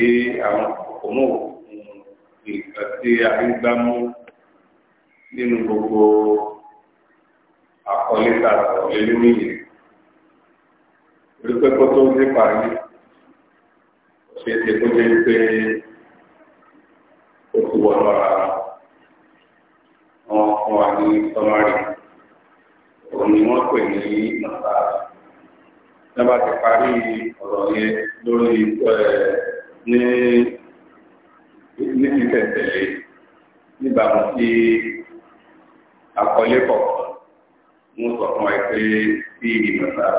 àwọn òmò nǹkan tí a fi ń gbámú nínú gbogbo àkọlé tá a sọ̀rọ̀ lé lórí yìí wípé kó tó dé parí ó ṣe é ṣe kó jẹ́ pé ó ti wọ̀ lọ́ra wọn fún wa ní sọmárì òun ni wọ́n pè ní nàta. Nígbà tí parí ọ̀rọ̀ yẹn lórí ẹ̀ ní ní títẹ̀tẹ̀lé níbàámu sí àkọlé kọ̀ọ̀kan mú sọ fún ẹ pé sí ìmọ̀ sáà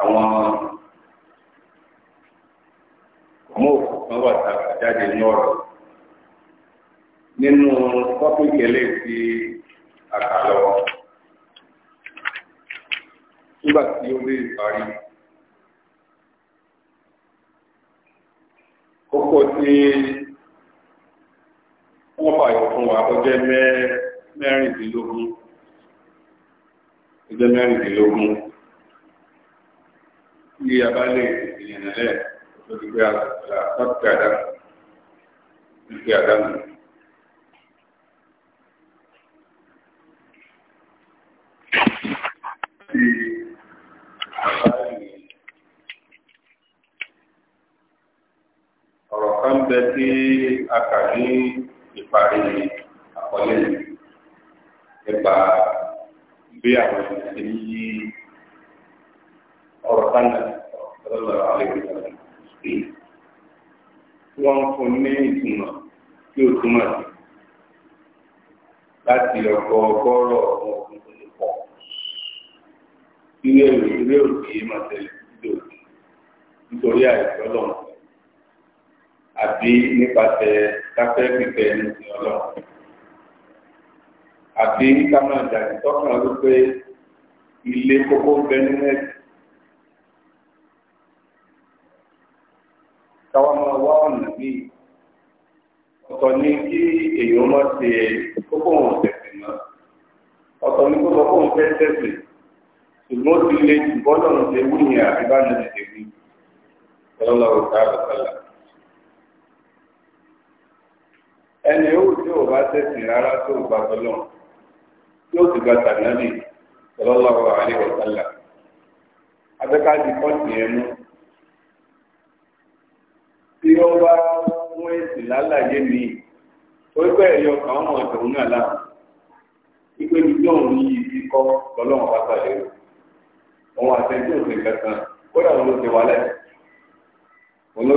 àwọn ọmọ òkú kan wà tá a jáde ní ọ̀rọ̀ nínú tọ́pìkì eléyìí àkàlọ́ nígbà tí ó lè parí. ó pọ̀ sí wọ́n fàyọ̀ fún wa ó jẹ́ mẹ́rìndínlógún ó jẹ́ mẹ́rìndínlógún bí a bá lè ìyẹn lẹ́ẹ̀ lórí pé a sọ́kùtì àdánù ń bẹ tí a kà ní ìparí àkọlé nípa bí àwọn ènìyàn ti yí ọ̀rọ̀ sánà lọ́dọ̀ àlejò náà sí. Wọ́n ń fún ní ìtumọ̀ tí ó túmọ̀ sí láti ọ̀pọ̀ ọgọ́rọ̀ ọmọ ogun tó ti pọ̀. Ilé ìwé ilé òkè máa tẹ̀lé ìdòdì nítorí àìsàn àbí nípasẹ̀ káfẹ́ fífẹ́ ẹni sí ọlọ́run àbí kámọ́ ìdàgbé tọ́kàn wípé ilé kókó ń bẹ nínú ẹ̀sìn káwá máa wá ọ̀nà míì ọ̀tọ̀ ní kí èèyàn má ṣe kókó òun tẹ̀sìn mọ́ ọ̀tọ̀ ní kókó òun fẹ́ tẹ̀sìn ṣùgbọ́n ó ti lè jù bọ́lọ̀ ń ṣe wúyẹn àbí bá nàìjíríà wí ọlọ́lá òkà àbọ̀kálà. ẹni ewu tí o bá tẹ̀sìn rárá tó o bá tí gba tànàbì sallallahu alaihi wa mú tí ó bá mú lálàyé mi ó ẹ̀yọ náà láàmú ipe ní tí òun yìí ti kọ́ bá tàlẹ́ o òun àtẹ̀jú kankan kódà òun ló ti wálẹ̀ òun ló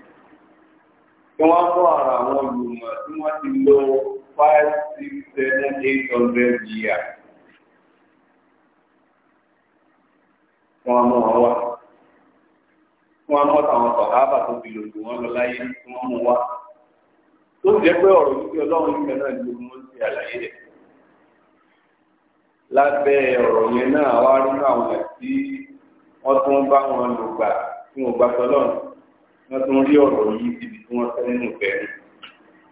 kí wọ́n mú ara àwọn olùmọ̀ tí wọ́n ti lò five six seven eight hundred years. wọ́n mú wọn wá wọ́n mú àwọn sọ̀hábà tó fi lòdù wọn lọ láyé wọ́n mú wá. tó jẹ́ pé ọ̀rọ̀ yìí ọlọ́run yìí náà ló mú sí àlàyé rẹ̀. lábẹ́ ọ̀rọ̀ yẹn náà wá rí àwọn tí wọ́n tún bá wọn lò gbà tí wọ́n gbà sọ́lọ́run wọ́n tún rí ọ̀rọ̀ yìí síbi tí wọ́n fẹ́ nínú ìfẹ́ rí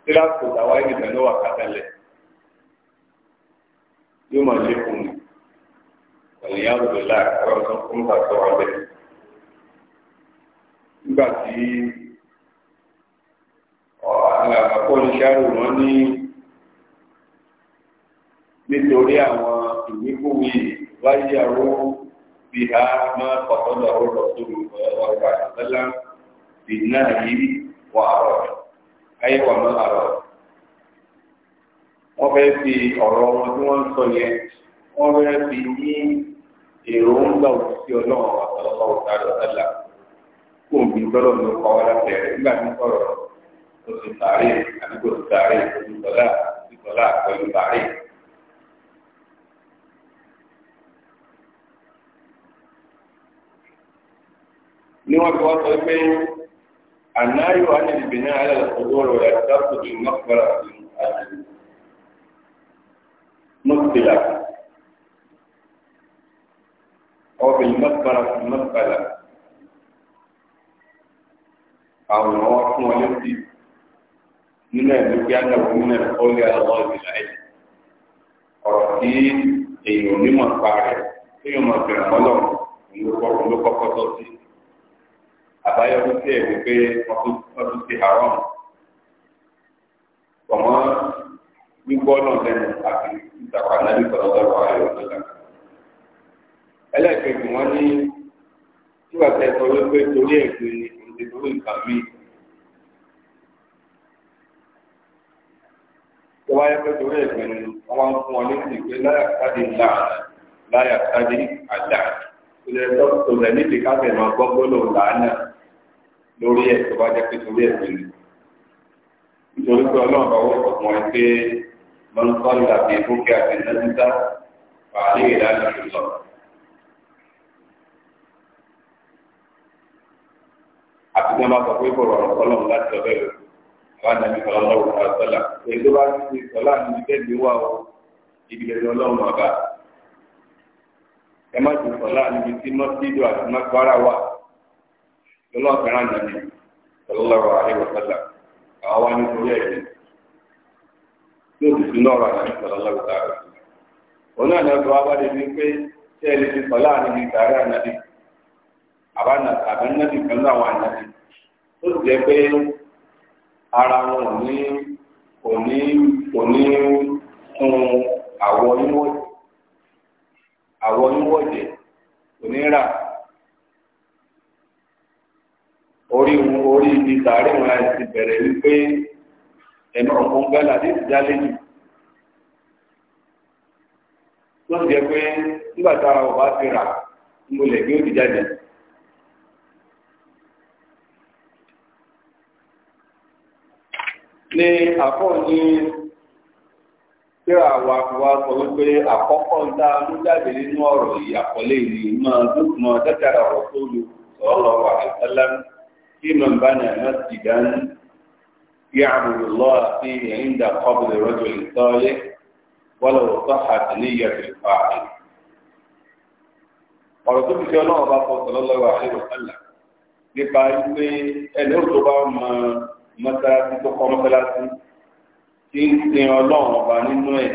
tíráàkù làwọn ènìyàn ló wà kátàlẹ̀ yóò máa lé fún mi ọ̀nìyàn àbùdó láàárọ̀ sọ fún bàtọ́ ọ̀bẹ. nígbà tí àkọ́kọ́ oníṣẹ́rù wọn ní nítorí àwọn ìwíkúwì wáyé àrùn bíi ha máa kọ̀tọ́ lọ́wọ́ lọ́sọ̀rọ̀ ọ̀rọ̀ àtàlẹ́ بالنهي وأراد أي وما أراد wọ́n fẹ́ fi ọ̀rọ̀ wọn tí wọ́n ń sọ yẹn wọ́n fẹ́ fi ní èròǹgbà òṣìṣẹ́ ọlọ́run àtàlọ́pàá òtàlọ́ ọ̀tàlà kó n bí gbọ́dọ̀ ní ọkọ̀ wa láti rẹ̀ nígbà tí ń sọ̀rọ̀ oṣù tààrí àdúgbò oṣù tààrí oṣù tọ́lá oṣù tọ́lá pẹ̀lú tààrí. ni wọ́n fi sọ pé النهي عن البناء على القبور ويعتقد المقبرة مقبلة أو بالمقبرة مقبلة أو المواقف والتي من المكان ومن القول على الله بالعلم أرسيل أي يوم ما قارئ أي يوم ما قارئ الله ونقول ونقول قصصي àbáyọrí sí ẹ̀ wípé wọ́n tún ti haram ọmọ gbígbọ́ náà lẹ́nu àti ìtàkùn ànábì sọ̀rọ̀ ayọ̀ nígbà. ẹlẹ́ẹ̀kejì wọ́n ní tíwà tẹ̀ wípé torí ni tó pé torí ni wọ́n máa ń fún wọn létí pé láyà ńlá láyà lórí ẹ̀ tó bá jẹ́ pé torí ẹ̀ pẹ̀lú. nítorí pé ọlọ́run bá wọ́n sọ fún ẹ pé mọ́nùkọ́lù àti ìfúkẹ́ àti nàìjíríà pàálí ìdájọ́ ìlọ. àti tí wọ́n bá sọ pé kò rọrùn ọlọ́run láti ọbẹ̀ rẹ̀ wọ́n á nàbí kọ́lá lọ́wọ́ àtọ́là. èyí tó bá ti sọ́lá ní ibi tẹ́lẹ̀ wà ó ibi tẹ́lẹ̀ ọlọ́run ọba. ẹ má ti sọ́lá níbi tí mọ́sídìí àti mọ́sídìí lọ́lọ́ fẹ́ràn nàbí sallallahu alaihi wa àwọn wá ya ẹ̀yìn tí ó sì sí lọ́rọ̀ àti sallallahu alaihi wa sallam. náà lọ́dọ̀ wá wáde pé ẹ lè fi láàrin ní sì jẹ́ pé ara wọn ò ní kò ní kò ní orí wọn orí ibi tààrí wọn àti bẹ̀rẹ̀ wípé ẹ̀nà ọ̀gbọ́n gbẹ́lá ní ti jálé jù. wọ́n jẹ́ pé nígbà tá a ọba ti rà mo lè gbé òdì jáde. ní àkọ́ ní síra wa sọ wípé àkọ́kọ́ ń dá ló jáde nínú ọ̀rọ̀ ìyàkọ́lé ìlú máa dúkùmọ̀ dájára ọ̀rọ̀ tó lu sọ̀rọ̀ wà في من بنى مسجدا يعبد الله فيه عند قبر رجل صالح ولو صحت نية الفاعل ọ̀rọ̀ tó fi ṣe ọlọ́run bá fọ sallallahu alaihi wa sallam nípa wípé ẹni ó tó bá mọ mọ́sálásí tó kọ́ mọ́sálásí tí ń sin ọlọ́run ọba nínú ẹ̀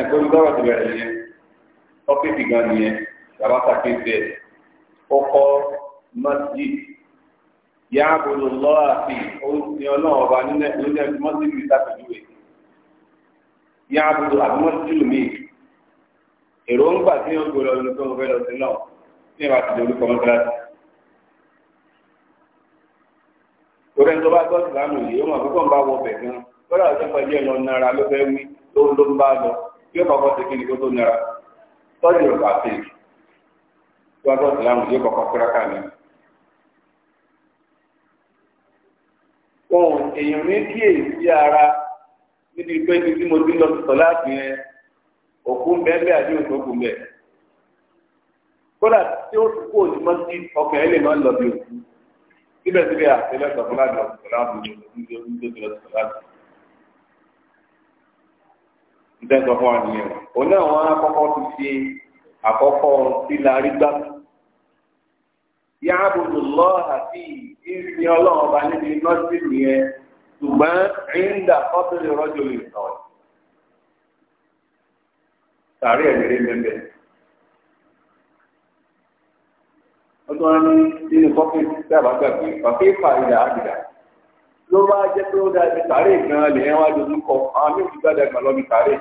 ẹ̀kọ́ ní bọ́rọ̀ ti bẹ̀rẹ̀ yẹn ọ́fíìsì gan nìyẹn bàbá kàkéńtì ẹ̀ ó kọ́ mọ́sídìí yà á bolo lọ àti ní ọlọ́run ọba nílẹ̀ nílẹ̀ mọ́sílì ìtàkùjúwe yà á bolo àbí mọ́sílì mi èròǹgbà tí yóò gbòòrò ọdún tó ń fẹ́ lọ sí náà ní ìwà àti ìdòwú kọ́mọ́tàlásì. torí ẹni tó bá gbọ́ ìsìlámù yìí ó mọ̀ pé kàn bá wọ bẹ̀ gan lọ́dọ̀ àti pẹ̀lú ẹ̀yàn nara ló fẹ́ wí ló ló ń bá lọ bí ó kọ́kọ́ ti kíni kó tó nara tọ́jú ìrọ̀bà sí i tó bá gbọ́ ìsìlámù yìí ó ohun èèyàn ní kíyèsí ara níbi pé ní tí mo ti lọ sọ láti yẹn òkú bẹ́ẹ̀ àbí òkú òkú bẹ́ẹ̀. kódà tí ó kú òní mọ́tì ọkàn ẹ̀ lè máa lọ bí òkú síbẹ̀síbẹ̀ àtẹlẹ́ sọ̀kan láti lọ sọ̀kan láti ní tó ti lọ sọ̀kan láti. ìdẹ́sọ̀kan àníyàn òun náà wọ́n á kọ́kọ́ ti ṣe àkọ́kọ́ sílárí gbàgbọ́ yàgòdò lọ́ọ̀hà sí ìrìn ọlọ́run ọba níbi nọ́ọ̀sìrì yẹn ṣùgbọ́n ìndà kọ́tùlẹ̀ rọ́jò lè sọ. Sàárẹ̀ ẹ̀mẹ́rẹ́ mẹ́mẹ́. Wọ́n tún wá ní nínú kọ́fíìsì sábà gbàgbé pàpé ìfà ìdá àgbìdá. Ló bá jẹ́ pé ó dáa ti sàárẹ̀ gan-an lè yẹn wá dojú kọ, àwọn méjì gbàdàgbà lọ́bi sàárẹ̀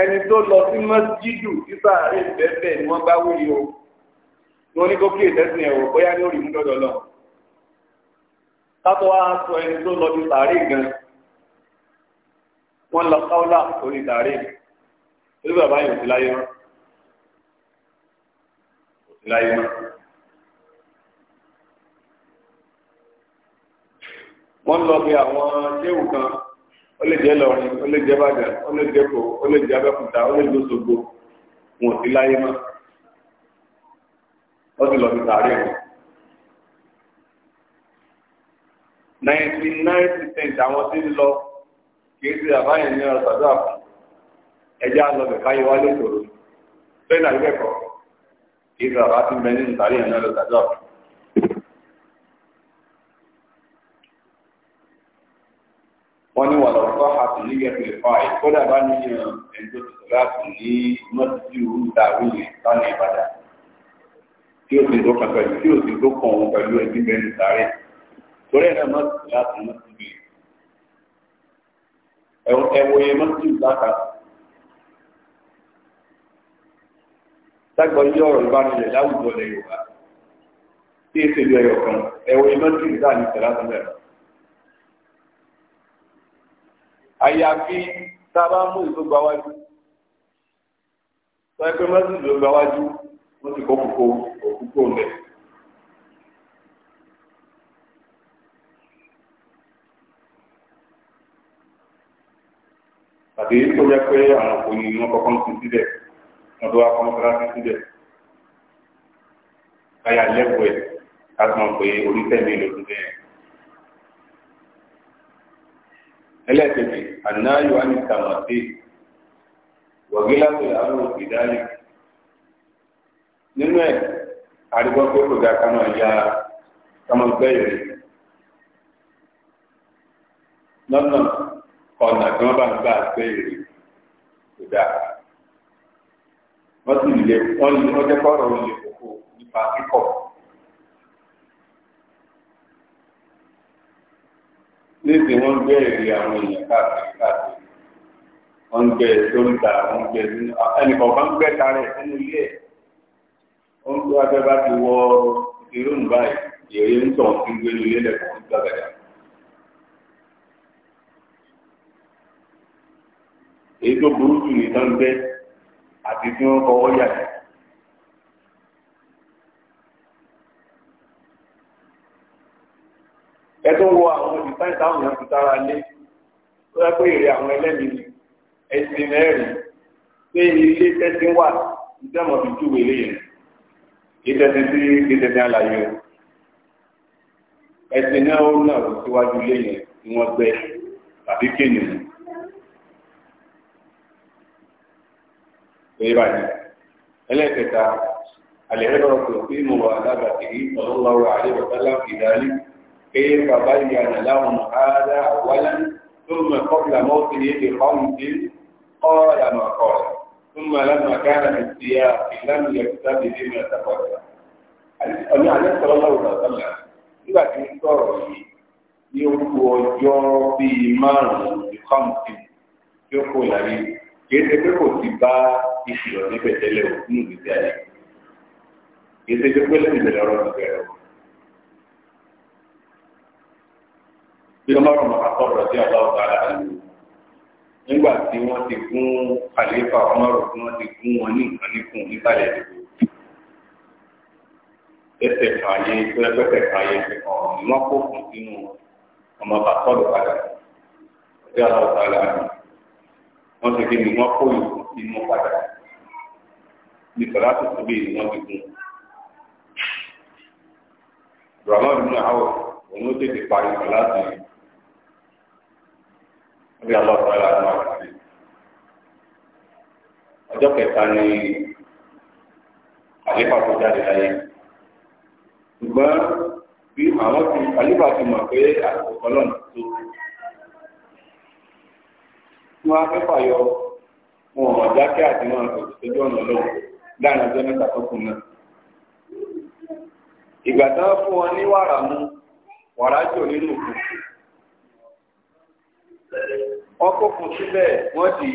ẹni tó lọ sí mọ́síjìdù títà rẹ̀ bẹ́ẹ̀ ni wọ́n bá wúri o ní wọ́n ní kó kí ìtẹ́sìn ẹ̀wọ̀ bóyá ní òrì mú dọ́dọ̀ lọ. Tátọ́ wá sọ ẹni tó lọ sí tààrí gan. Wọ́n lọ káwọ́lá orí tààrí. Orí bàbá yìí ò sí láyé mọ́. Ò láyé mọ́. Wọ́n lọ bí àwọn séwù kan ó lè jẹ́ lọ́rin ó lè jẹ́ bàjá ó lè jẹ́ kò ó lè jẹ́ abẹ́kúta ó lè lóṣogbo wọn ò sí láyé mọ́ ó sì lọ sí sàárè wọn. ninety nine percent àwọn tí ń lọ kì í ṣe àbáyẹn ní ọ̀rọ̀ sàdúrà fún ẹjẹ́ àlọ́bẹ̀ káyé wálé sòrò fẹ́ẹ́ nàìjíríà kọ̀ kì ṣe àbá tí bẹ nínú sàárè ní ọ̀rọ̀ sàdúrà fún. wọ́n ní wàlọ̀ ọ̀tọ́ àti nígbà tó lè fa ìkọ́dà bá ní ìran ẹ̀ńtó tuntun láti ní mọ́tìtì òru dàrú yẹn lánàá ìbàdàn tí ó sì tó kàn pẹ̀lú tí ó sì tó kàn òun pẹ̀lú ẹbí bẹ́ẹ̀ ní sáré torí ẹ̀rọ mọ́tìtì láti mọ́tìtì ẹ̀wọ̀ yẹn mọ́tìtì láta. ságbọ́n yí ọ̀rọ̀ ìbánilẹ̀ láwùjọ lẹ̀ Yorùbá tí èsèlú ẹ̀yọ̀ kan ẹ̀wọ̀ mọ́tìtì àyàfi tá a bá mú ìtò gba wájú sọ pé mọ́sí ìtò gba wájú wọ́n ti kọ́ kókó òkúkó lẹ̀. tàbí tó yẹ pé àwọn òkú ni wọ́n kọ́kọ́ ń sin síbẹ̀ wọ́n tó wá kọ́ mọ́sálásí síbẹ̀ káyà lẹ́kọ̀ọ́ ẹ̀ ká sọ pé orí tẹ̀lé ló ti bẹ́ẹ̀. ẹlẹ́ẹ̀kejì ànáyọ̀ anìtàmọ̀tì wọ̀gílàtò àrùn ìdálé nínú ẹ̀ àrígbọ́ pé kò dáa kámọ̀ ya kámọ̀ gbẹ́yẹ̀ rẹ̀ lọ́nà ọ̀nà tí wọ́n bá ń gbà gbẹ́yẹ̀ rẹ̀ kò dáa wọ́n sì lè wọ́n jẹ́ kọ́rọ̀ olè kókó nípa kíkọ̀. níbi wọ́n bẹ̀rẹ̀ àwọn èèyàn káàkiri káàkiri wọ́n gbẹ sóńtà wọ́n gbẹ nínú ẹnìkan kan gbẹ tarẹ̀ nínú ilé ẹ̀ wọ́n tó abẹ́ bá ti wọ irú nù báyìí èrè ń tàn kí gbé ilé lẹ́kọ̀ọ́ ń gbàgàdà. èyí tó burú jù ní tán àti tí wọ́n kọ́wọ́ yàtọ̀. ẹtún wo àwọn ìsáyìn táwọn èèyàn ti tára lé tó yẹ pé èrè àwọn ẹlẹ́mìí ẹsìn mẹ́rin pé ilé tẹ́sí wà ìjọba fi ilé yẹn ìtẹ̀sí sí ìtẹ̀sí àlàyé o ẹsìn náà ó síwájú ilé yẹn tí gbẹ tàbí kéènìyàn. báyìí, àlẹ́ ẹ̀rọ wà àlẹ́ dálé. pé bàbá ìyànà láwọn ará àwọ́lá tó mọ̀ kọ́pìlà mọ́tí ní èdè kọ́ọ̀mù tí ọ̀rọ̀ àmà kọ́ọ̀lá tó mọ̀ lánàá kára ní ti ya ìlànà ìyàkúta bèbè mi àtàkọ́ta. ọ̀nà àlẹ́ sọ̀rọ̀ lọ́wọ́ lọ́sọ̀lá nígbà tí ń sọ̀rọ̀ yìí ní orúkọ ọjọ́ bíi márùn-ún ti kọ́ọ̀mù tí tí ó kò láyé kì ṣe pé kò ti bá ìṣirò níbẹ̀ tẹ́lẹ̀ òkú bí ọmọ ọmọ akọ ọ̀rọ̀ sí ọba ọba ara rẹ nígbà tí wọ́n ti gún àlééfà ọmọ ọ̀rọ̀ tí wọ́n ti gún wọn ní nǹkan níkùn nísàlẹ̀ ìdìbò ẹsẹ̀ fààyè pẹpẹsẹ fààyè ìfẹkàn ìwọn kó fún sínú ọmọ bàtọọlù padà ọdẹ ọba ọba ara rẹ wọ́n ti fi ní wọ́n kó ìlú sínú padà ní sọlá tó tóbi ni wọ́n ti gún Ramon nínú àwọn òun ó tètè parí sọlá tó yẹ. bí ọlọ́run ọ̀la ló sí. ọjọ́ kẹta ni àléfà tó jáde láyé ṣùgbọ́n bí àwọn ti àléfà ti mọ̀ pé àkókò ọlọ́run tó á wọn ò àti wọn kò sí ojú ọ̀nà lọ́wọ́ láàrin ọjọ́ mẹ́ta tó kù náà. ìgbà ọkọ̀ kù síbẹ̀ wọ́n di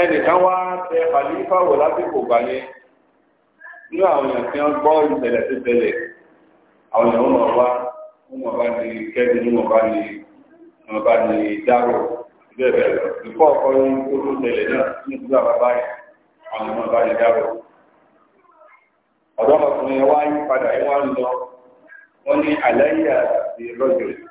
ẹnìkan wá tẹ fàlífà wò lásìkò gbà yẹn nínú àwọn èèyàn tí wọ́n gbọ́ ìṣẹ̀lẹ̀ tó ṣẹlẹ̀ àwọn èèyàn wọn wá wọn bá ní kẹ́bí wọn bá ní wọn bá ní dárò bẹ́ẹ̀ bẹ́ẹ̀ lọ ìfọ́ ọkọ̀ yìí tó tó ṣẹlẹ̀ náà ní ìdúrà bàbá yẹn àwọn èèyàn bá ní dárò ọ̀dọ́mọkùnrin wá yí padà yẹn wá lọ wọ́n ní àlẹ́ àti rọ́jò yìí.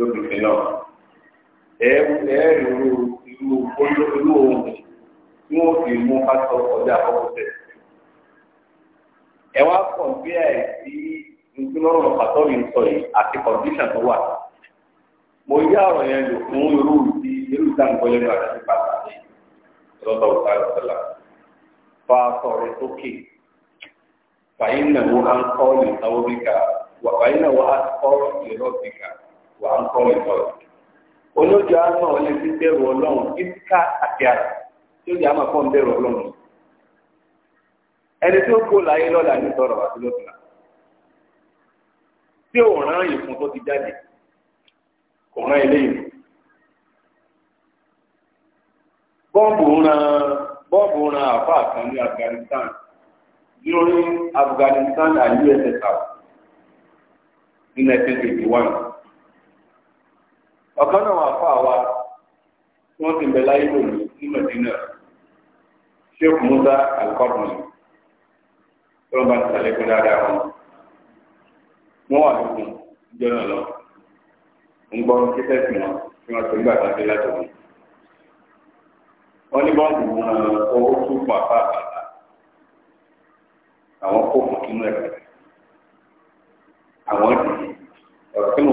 lórí ìfẹ́ náà ẹ ẹ irú irú irú ohun tí wọn fi mú pásọ ọjà ọkọọsẹ ẹ wá kàn bí ẹ sí ntúmọ̀ràn pàtó mi sọ yìí àti kọ̀ǹdíṣàn tó wà mo yá ọ̀rọ̀ yẹn lò fún irú ti irú ìdáǹkọ́lẹ́ náà àti pàtàkì lọ́dọ̀ ọ̀tá ìṣẹ̀lá fa sọ̀rọ̀ sókè fàyínà wo à ń kọ́ ìtàwọ́ bíkà wà fàyínà wo à ń kọ́ ìrọ̀ bíkà. wà ń kọ́ ìtọ́ rẹ̀. olójú àmọ́ ọ̀lẹ́ ti bẹ̀rù ọlọ́run kíkà àti àrà tí ó yà á máa bẹ̀rù ọlọ́run. ẹni tí ó kó láyé lọ́la ní sọ̀rọ̀ àti lọ́tùnà tí ò rán ìfun tó ti jáde kò rán eléyìí. bọ́ǹbù ran ran ní Afghanistan during Afghanistan and in 1981. ọ̀kan náà wà fún àwa tí wọ́n ti bẹ̀ láyé lòlù ní Mẹ̀dínà Sheikh Musa Al-Qadri tó ló bá ti sàlékún dáadáa wọn. wọ́n wà lókun ìjọ náà lọ ń gbọ́ kíkẹ́ sí wọn tí wọ́n ti gbà láti látọ̀wọ́. wọ́n ní bọ́ǹkì wọn owó tún fún apá àbàtà àwọn kò fún kínú ẹ̀ka àwọn dìde ọ̀rọ̀ tí mo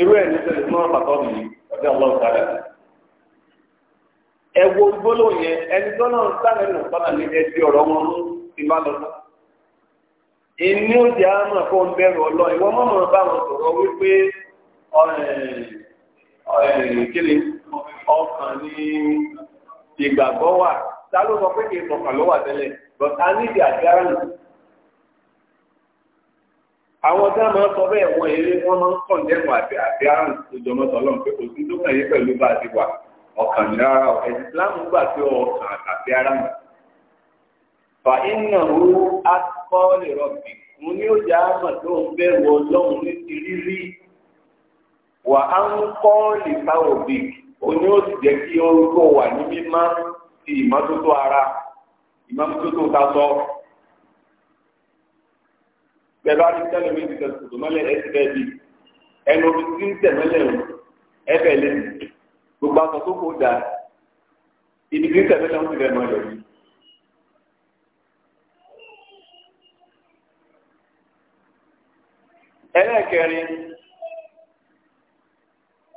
irú ẹ̀ ní sẹ́yìn tí wọ́n mi ọjọ́ ọlọ́run sára ẹ gbólóhùn yẹn ẹni tó náà sáré nù sọ́nà ní ẹbí ọ̀rọ̀ wọn lọ àmọ̀ ìwọ mọ̀mọ́ bá wọn sọ̀rọ̀ wípé ọkàn ìgbàgbọ́ wà sọ pé kì í sọ̀kàn ló àwọn tí wọn máa ń sọ bẹ́ẹ̀ wọn eré wọn máa ń kàn dẹnu àti àti àrùn ìjọmọtò Ọlọ́run pé kò sí tó kàn yí pẹ̀lú bá a ti wà ọkàn ní rárá o ẹsìn Ìsìláàmù gbà pé ọkàn àtàbí ara mọ. fa iná ru akọọlẹ rọbì mo ní òjò àmọ́ tó ń bẹ̀rù Ọlọ́run ní ti rírí wà á ń kọọlẹ fáwọn òbí o ní ó sì jẹ́ kí orúkọ wà ní mímá ti ìmọ́tótó ara ìmọ́tótó ta sọ. tẹ̀bá tẹ́lẹ̀ méjì kan kùtù mọ́lẹ̀ ẹ bẹ́ẹ̀ bí ẹnu tí ń tẹ̀ mọ́lẹ̀ o gbogbo tó ibi tí ń tẹ̀ mọ́lẹ̀ o ti bẹ̀ mọ́lẹ̀ o. ẹlẹ́ẹ̀kẹrin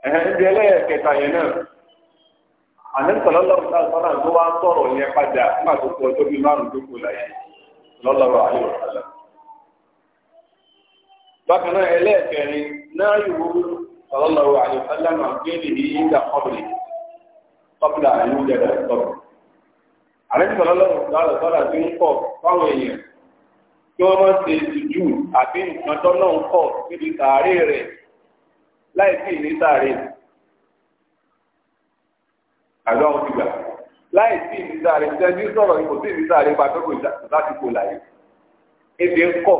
ẹlẹ́ẹ̀kẹta yẹn náà tó wá yẹn padà ọjọ́ bíi márùn-ún tó bákan náà ẹlẹ́ẹ̀kẹrin náà yòó sallallahu alaihi wasallam àgbélé yìí ń kọ́bìlì kọ́bìlì àyè ń jẹ̀dà sọ̀rọ̀. àrẹ́sì sallallahu alaihi wasallam ń kọ̀ fáwọn èèyàn wọ́n máa ṣe àbí nǹkan tó náà ń níbi tààrí rẹ̀ láì sí tààrí. àgbà wọn ti gbà láì sí tààrí sọ̀rọ̀ sí tààrí pàtó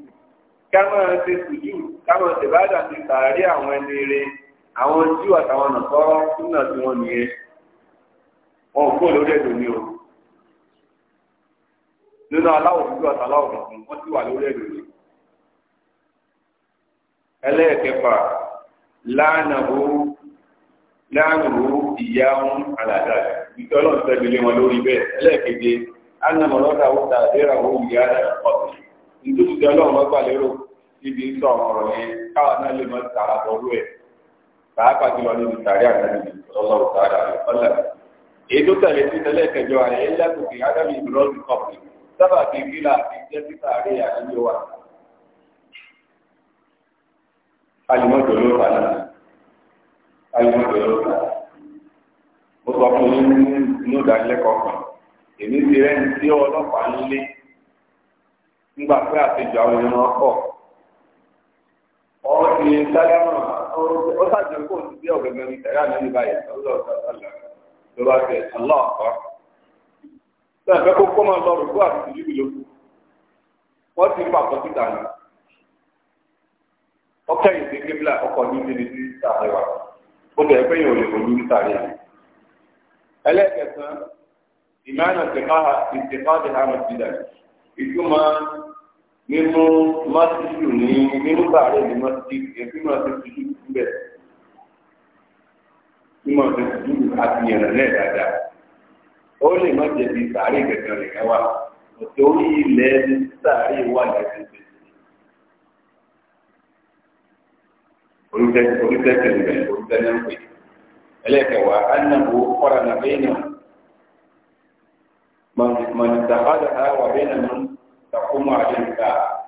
Kama ṣe sùjú kámọ́ ṣe bá dà sí sàárẹ̀ àwọn ẹni rẹ̀ àwọn jù àtàwọn nàkọ́ súnà tí wọ́n nìyẹn wọn ò kó lórí ẹ̀dùn ni o nínú aláwọ̀ dúdú àtàláwọ̀ funfun wọ́n ti wà lórí ẹ̀dùn ni ẹlẹ́ẹ̀kẹfà lánàbó lánàbó ìyá wọn àlàdà ìtọ́lọ́ọ̀tẹ́gbẹ̀lẹ́ wọn lórí bẹ́ẹ̀ ẹlẹ́ẹ̀keje ánàmọ́lọ́dà ó ta àdéhàwó ìyá rẹ̀ nítorí ti ọlọ́run bá gbàlérò níbi ń sọ ọ̀rọ̀ yẹn káwa náà lè ọrụ tààrà bọ́lú ẹ̀ pàápàá jùlọ níbi ọlọ́run tààrà èyí tó tẹ̀lé sí tẹ́lẹ̀ kẹjọ rẹ̀ ẹ̀ lẹ́kùnkì ádámì ìbúrọ́ọ̀dù kọ̀ọ̀pù sábà fi fílà àti nígbà pé àtẹjọ àwọn èèyàn máa pọ̀ ọ̀hún ti sálámà ó ṣàjọ kó o ti bí ọ̀gẹ̀gẹ̀ ní tẹ̀lé àná nígbà yẹn lọ́wọ́ ọ̀sán ló bá tẹ aláàfọ́ náà fẹ́ kó kó máa lọ rògbò àti tìjú ìlú wọ́n ti fà kọ́ síta nù ọkẹ́ yìí ti kébìlà ọkọ̀ ní ti di ti sàrẹ̀wà ó tẹ̀ pé yòó lè fojú ní sàrẹ̀ ẹlẹ́kẹ̀sán ìmáàna ìtẹ̀kọ́ ìtẹ̀kọ́ ìtumọ̀ mímú mọ́síṣù ní mímú bàárẹ̀ ní mọ́síṣù èyí máa fi tuntun síbẹ̀ tí máa fi tuntun àfihàn náà dáadáa ó lè má jẹ̀bi sàárẹ̀ gẹ̀gẹ̀ rẹ̀ ẹ̀wà òtò orí ilẹ̀ ẹni sàárẹ̀ wà lẹ́sìn tẹ̀. olùtẹ̀sẹ̀ ẹlẹ́kẹ̀wá kọ́ra nàbẹ́yìn náà. من دخلها وبين من تقوم عليه الساعة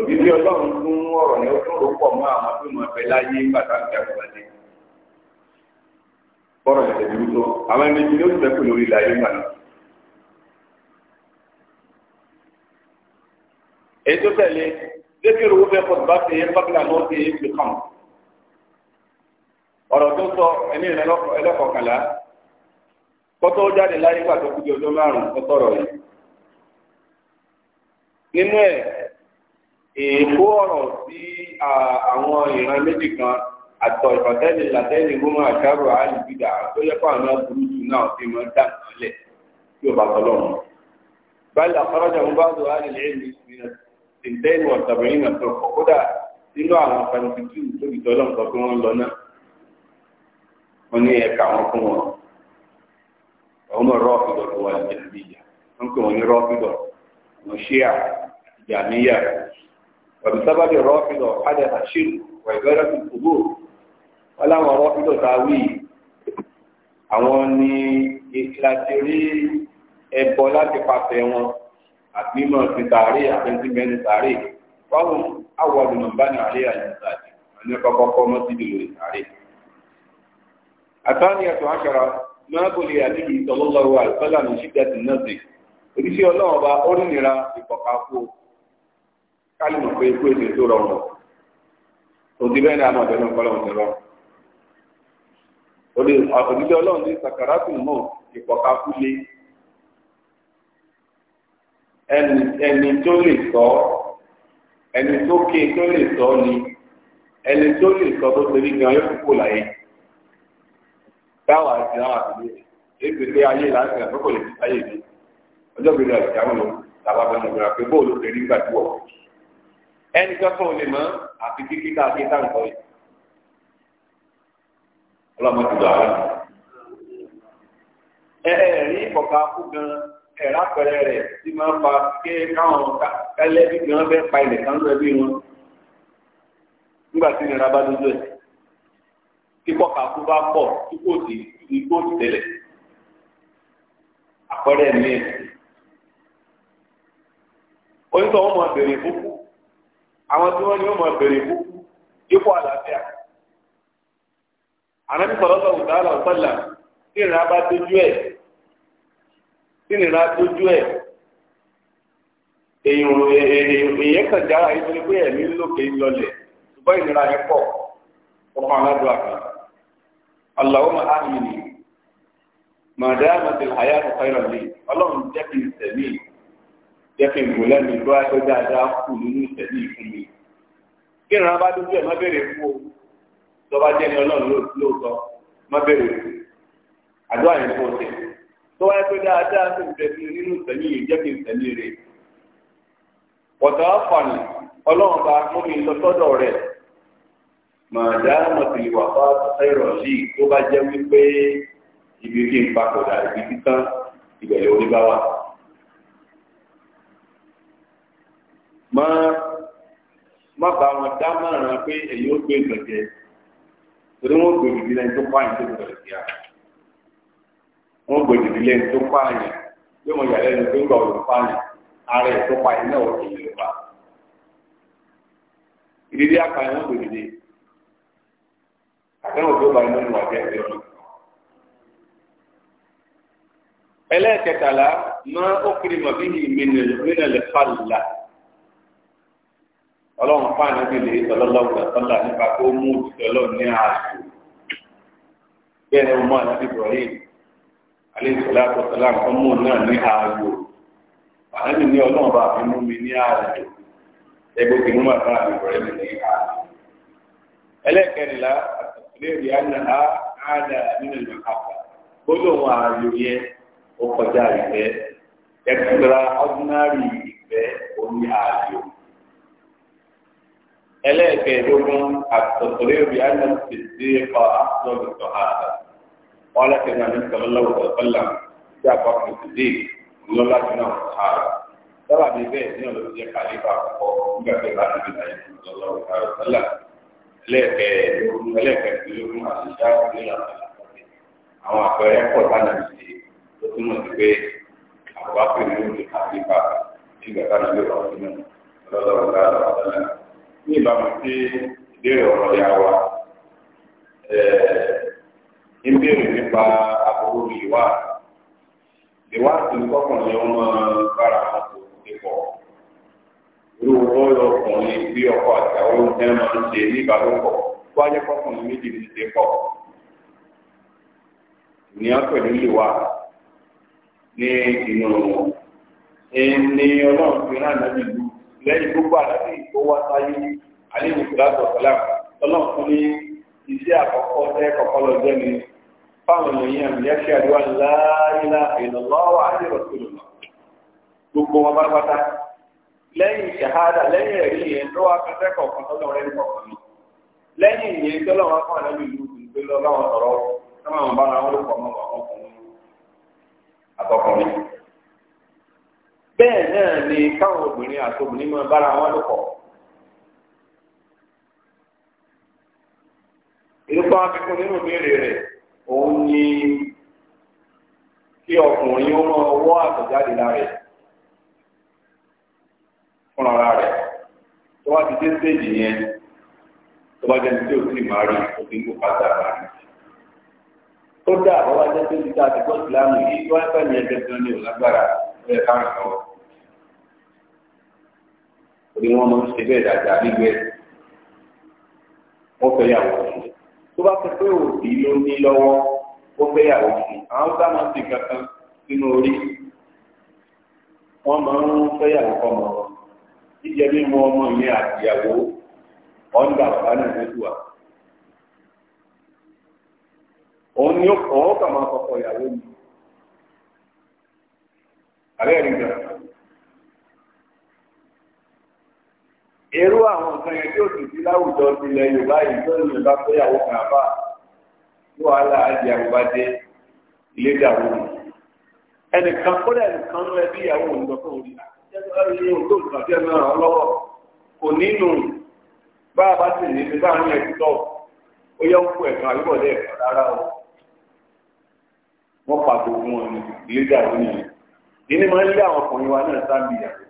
òbí bí ọlọ́run fún ọ̀rọ̀ ni ó tún rò pọ̀ mọ́ àwọn tó máa fẹ́ láyé pàtàkì àgbàdé bọ́rọ̀ ìṣẹ̀lẹ̀ dúró tó àwọn ẹni tí ó ti fẹ́kù lórí ilẹ̀ ayé gbà náà. èyí tó tẹ̀lé débi òwò fẹ́ pọ̀ bá ti yẹ pápá náà ti fi kàn ọ̀rọ̀ tó sọ ẹni ìrẹ́lẹ́kọ̀ọ́kànlá kọ́tọ́ ó jáde láyé gbà tó kúbi ọjọ́ márùn-ún kó sọ̀rọ̀ yìí. nínú ẹ̀ èèkó ọ̀rọ̀ sí àwọn ìran méjì kan àtọ̀ ìfọ̀tẹ́lẹ̀ látẹ́lẹ̀ gómọ àṣàrò àlùbídà tó yẹ kó àwọn burúkú náà fi mọ́ dà mọ́lẹ̀ tí ó bá tọ́ lọ́wọ́. báyìí àkọ́rọ́jà ń bá lọ àlè lẹ́yìn ìsìntẹ́ni ọ̀sàbẹ̀yìn náà tó kọ́ kódà nínú àwọn fẹnifitì tó dìtọ́ lọ́nkọ́ tí wọ́n lọ náà. wọ́n ní ẹ̀ka wọn fún wọn. ọmọ rọ́ọ̀fìdọ̀ tó wà ní jàmíyà wọ́n kò wọ́n ní rọ́ọ̀fìdọ̀ wọ́n ṣíà jàmíyà wọ́n sábàbí rọ́ọ̀fìdọ̀ adé àṣírí máa kò lè àdébí ìtọ́lọ́lọ́wọ́ àìsọ́là ní ṣídẹ́tì náà dé oríṣi ọlọ́run ọba ó nira ìpọ̀kàkó kálímù pé ikú èdè tó rọrùn òdi bẹ́ẹ̀ ni a máa bẹ̀rẹ̀ nǹkan lọ́wọ́ tẹ̀lọ́ òdìdí ọlọ́run ní sàkàràtù náà ìpọ̀kàkó lé ẹni tó lè sọ ẹni tó ké tó lè sọ ni ẹni tó lè láyé táwa ti náà àbílẹ̀ ètò ilé ayé láti rìn àkókò lè fi ayé mi ọjọ́ gbèrè àti àwọn ọmọ tàbá bọ́ nàgbèrè pé bóòlù lè rí nígbà tí wọ̀ ẹnì kẹ́kọ̀ọ́ lè mọ́ àfi kíkí tá a ké tá nǹkan yìí ọlọ́mọ ti lọ àwọn ẹ rí kọ̀ọ̀kan kú gan ẹ̀rá pẹ̀lẹ́ rẹ̀ tí máa fa ké káwọn kẹlẹ́bí gan fẹ́ pa ilẹ̀ kan lọ wọn nígbà tí ìnira bá dójú ẹ̀ kíkọ́ kakú bá pọ̀ tí kò sí igbó tẹ́lẹ̀ àpẹẹrẹ mi onítọ̀ wọn mọ̀ bèrè fúkú àwọn tí wọ́n ní wọn mọ̀ bèrè fúkú dípò àlàáfíà ànábì sọlọ́sọ̀ ọ̀dáàlà ọ̀sọ̀là tí ìrìn abá dojú ẹ̀ tí ìrìn adójú ẹ̀ èèyàn èèyàn kàn jára yìí torí pé ẹ̀mí lókè lọlẹ̀ ṣùgbọ́n ìnira yẹn pọ̀ ọkàn aládùn àgbà. Allahumma amini madamatil hayatu khayran li ọlọ́run jẹ́ kí n sẹ̀mí jẹ́ kí n bò lẹ́nu ìlú ayé dáadáa kù nínú sẹ̀mí fún mi kí ìran bá dúdú ẹ̀ má bèrè fún o tọ́ba jẹ́ ní ọlọ́run lóòótọ́ má bèrè fún àdó àyè fún ọ̀sẹ̀ tó wáyé pé dáadáa kí n sẹ̀mí nínú sẹ̀mí yìí jẹ́ kí n sẹ̀mí rè wọ̀tọ̀ ọ̀fọ̀nì ọlọ́run bá mú mi lọ sọ́dọ̀ rẹ̀ màdáàmù tìlìwà fà sẹ́rọ̀ sí tó bá jẹ́ wípé ibi kí n papòdà ibi títán ìbẹ̀rẹ̀ orí bá wà. má má bá wọn dá márùn-ún pé èyí ó gbé gbẹ̀gẹ̀ torí wọ́n gbé ìdílé tó pààyàn tó bẹ̀rẹ̀ sí à wọ́n gbé ìdílé tó pààyàn yóò mọ ìyàlẹ́nu pé ń gbà òun pààyàn ara ẹ̀ tó pààyàn náà wọ́n kì í lè pa. ìdílé apààyàn wọ́n gbé ìdílé àtẹ̀wò tó bá inú ìwà jẹ́ ẹgbẹ́ ọ̀nà. ẹlẹ́ẹ̀kẹtàlá máa ó kiri mọ̀ bí ìmìnàlẹ̀ fàlùlà ọlọ́run fáànù bí lè sọlọ́lọ́wọ́ sọlá nípa kó mú òtítọ́ ọlọ́run ní ààtò bẹ́ẹ̀ ni wọ́n mú àti Ibrahim aleṣọlá àtọ̀sọlá nǹkan mú náà ní ààyò àlejò ní ọlọ́run bá fi mú mi ní ààyò ẹgbẹ́ òkè mú Ibrahim ní ààyò ẹlẹ́ẹ̀kẹrìnlá léèrè ànàhà àdà nínú ìmọ̀káfà gbólóhùn ààyò yẹn ó kọjá ìfẹ́ extra ordinary ìfẹ́ orí ààyò. ẹlẹ́ẹ̀kẹ́ẹ̀dógún àtọ̀tọ̀rẹ́rì ànàfẹ̀sẹ̀ pa àtọ̀rọ̀ sọ̀hárà wọn láti náà ní sọlọ́láwọ̀ sọ̀tọ́là tí a bá fi sídìí lọ́lá tó náà sọ̀hárà sábà bíi bẹ́ẹ̀ ní ọ̀lọ́sí jẹ́ kàlífà àkọ́kọ́ nígbà tó bá ti lẹ́ẹ̀kẹ́ẹ̀ẹ́dógún ẹlẹ́ẹ̀kẹ́ẹ̀ẹ́dógún àti ṣáàpù nílànà ìlànà àwọn àpẹẹrẹ pọ̀ lánàá sí tó túmọ̀ sí pé àwọn apẹ̀lú àti ìpà nígbà táwọn ilé ní ya wa ń béèrè nípa àbúrò ìwà ìwà irú rọ́ọ̀lù ọkùnrin bí ọkọ̀ àtàwọn oúnjẹ máa ń ṣe ní ìbálòpọ̀ tó wáyé kọkùnrin méjì ní ṣe pọ̀ ní a. lè wà ní ìnù ní ọlọ́run fi rán àná nìlú lẹ́yìn gbogbo tó wá sáyé ọlọ́run fún ní iṣẹ́ àkọ́kọ́ tẹ́ kọ́kọ́ lọ jẹ́ ni fáwọn èèyàn àdúrà lọ́wọ́ tó lẹ́yìn ṣahada lẹ́yìn ẹ̀rí yẹn tó wá fẹsẹ̀ kọ̀ọ̀kan tó lọ́wọ́ ẹni lẹ́yìn ìyẹn tó fún mi pé lọ́wọ́ sọ̀rọ̀ àwọn bá wọn àwọn ọkùnrin àtọkùnrin. bẹ́ẹ̀ náà ni káwọn obìnrin àti obìnrin máa bára wọn lóko. nínú ìbéèrè rẹ̀ òun ni kí ọkùnrin fún ara rẹ̀ tó wá ti dé stéèjì yẹn tó bá jẹni tí ò sí máa rí o ti ń kó pátá máa rí. tó dà bọ́ wá jẹ́ pé ti ta àtìkọ́ ìsìlámù yìí tó wá ń fẹ̀mí ẹgbẹ́ tí wọ́n ní òlágbára ẹ̀ káàrin lọ́wọ́. òní wọn máa ń ṣe bẹ́ẹ̀ dáadáa nígbẹ́ wọ́n fẹ́ yàwó fún tó bá ti pé òbí ló ní lọ́wọ́ ó fẹ́ yàwó fún àwọn bá máa kankan sínú orí wọ́n máa ń fẹ́ yàwó fọmọ jíjẹ mímu ọmọ mi àtìyàwó ọ̀ǹda bàbá náà mẹ́tùwà. òun ni ó kọ́ ọ́ kà máa kọ́kọ́ ìyàwó mi. àbẹ́ rí gbà. irú àwọn nǹkan yẹn tí ó sì sí láwùjọ tilẹ̀ Yorùbá yìí tó lè bá fẹ́yàwó kan àbá tí wàhálà àjẹ àbúbá dé ilé dàrú ẹnìkan kọ́lẹ̀ ẹnìkan lọ ẹbí ìyàwó òun lọ fún òun yìí kò nínú bá a wọ́n pàtó wọn ní ìlédà lónìí yìí ní máa ń lé àwọn ọkùnrin wa náà sábì yàtọ̀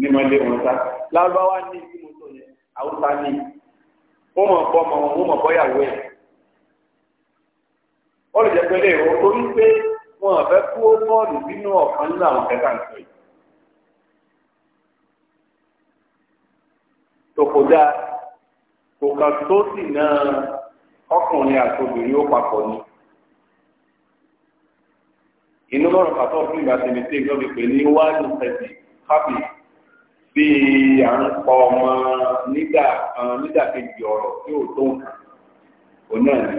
ní máa lé wọn sá lárúbáwá ní ìdí mo yẹn haúsá ní ó mọ̀ bọ́ ọmọ wọn ó mọ̀ wọn àfẹ́ kó bọ́ọ̀lù bínú ọ̀kan nínú àwọn kẹta ń sọ yìí. tòkòdá kòkà tó sì náà ọkùnrin àti obìnrin ó papọ̀ ni. inú lọ́rùn pàtó fún ìgbà tèmi tí ìjọba ìpè ní wájú tẹ̀sí kábì bí à ń pọ ọmọ nígbà kan nígbà kejì ọ̀rọ̀ tí ò tó nǹkan òun náà ni.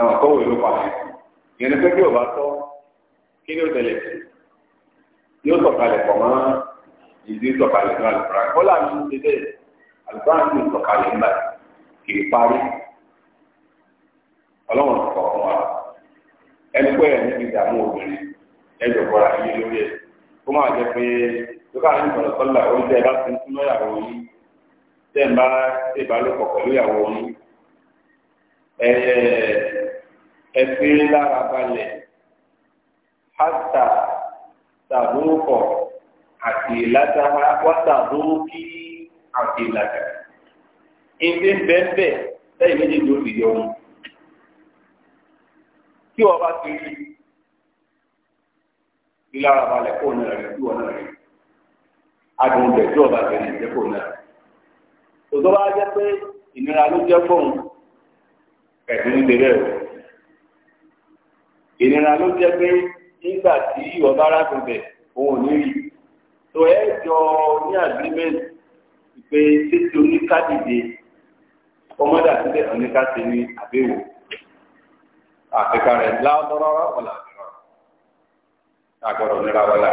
ẹ̀wọ̀n kọ́ wòye ló pa ẹ̀ ìyẹn ni pé bí ò bá tọ́ kí ni ó tẹ̀lé yóò sọ̀kalẹ̀ pọ̀ mọ́ ìdí sọ̀kalẹ̀ ní alùpùpù kọ́lá mi ń ṣe bẹ́ẹ̀ alùpùpù àti sọ̀kalẹ̀ ńlá kì í parí ọlọ́run sọ̀kọ̀ fún wa ẹni pé ẹni ti dààmú obìnrin ẹjọ́ bọ́ra iye lórí ẹ̀ kó máa jẹ pé lókà ní ìtọ́nà sọ́là ó bá ti ń súnmọ́ ìyàwó yín tẹ́ ń bá ṣèbálòpọ̀ pẹ̀lú ìyàwó yín ẹ̀ẹ́ ẹ̀fí lára balẹ̀ hátà tàdúrúkọ̀ àti ìlàjà wátàdúrú kí àti ìlàjà. Ìdí bẹ́ẹ̀ lẹ́yìn méjì ló fi yọ wọn. Tí wọ́n bá ti rí bí lára balẹ̀ kó náà rẹ̀ kí wọ́n náà rẹ̀. Adùn bẹ̀ tí ọba bẹ̀rẹ̀ ìjẹ́ kó náà. Òtọ́ bá jẹ́ pé ìnira ló jẹ́ fóun. Ẹ̀sìn ń bẹ̀rẹ̀ rẹ̀ ìnira ló jẹ́ pé nígbà tí ìwọ bá rà gbọ̀ngbẹ̀ òun ò ní rí tó ẹ jọ ní agreement pé títí oníkádìde ọmọdé àtúndé oníkádìde ní àbẹ̀wò àfikà rẹ̀ láwọ́dọ́rọ́rọ́ ọ̀là àgbọ̀rọ̀ nira wọlá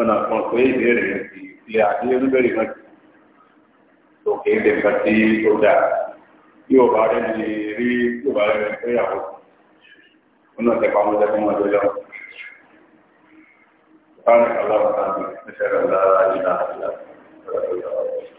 ọ̀nà kan pé ìbéèrè rẹ̀ ti ilé àti oníbẹ̀rẹ̀ náà ti òkè ìdẹ̀ka tí ó dáa yóò bá rẹ̀ lè rí yóò bá rẹ̀ pé àwọn. uno vamos vamos como yo tanto, de la la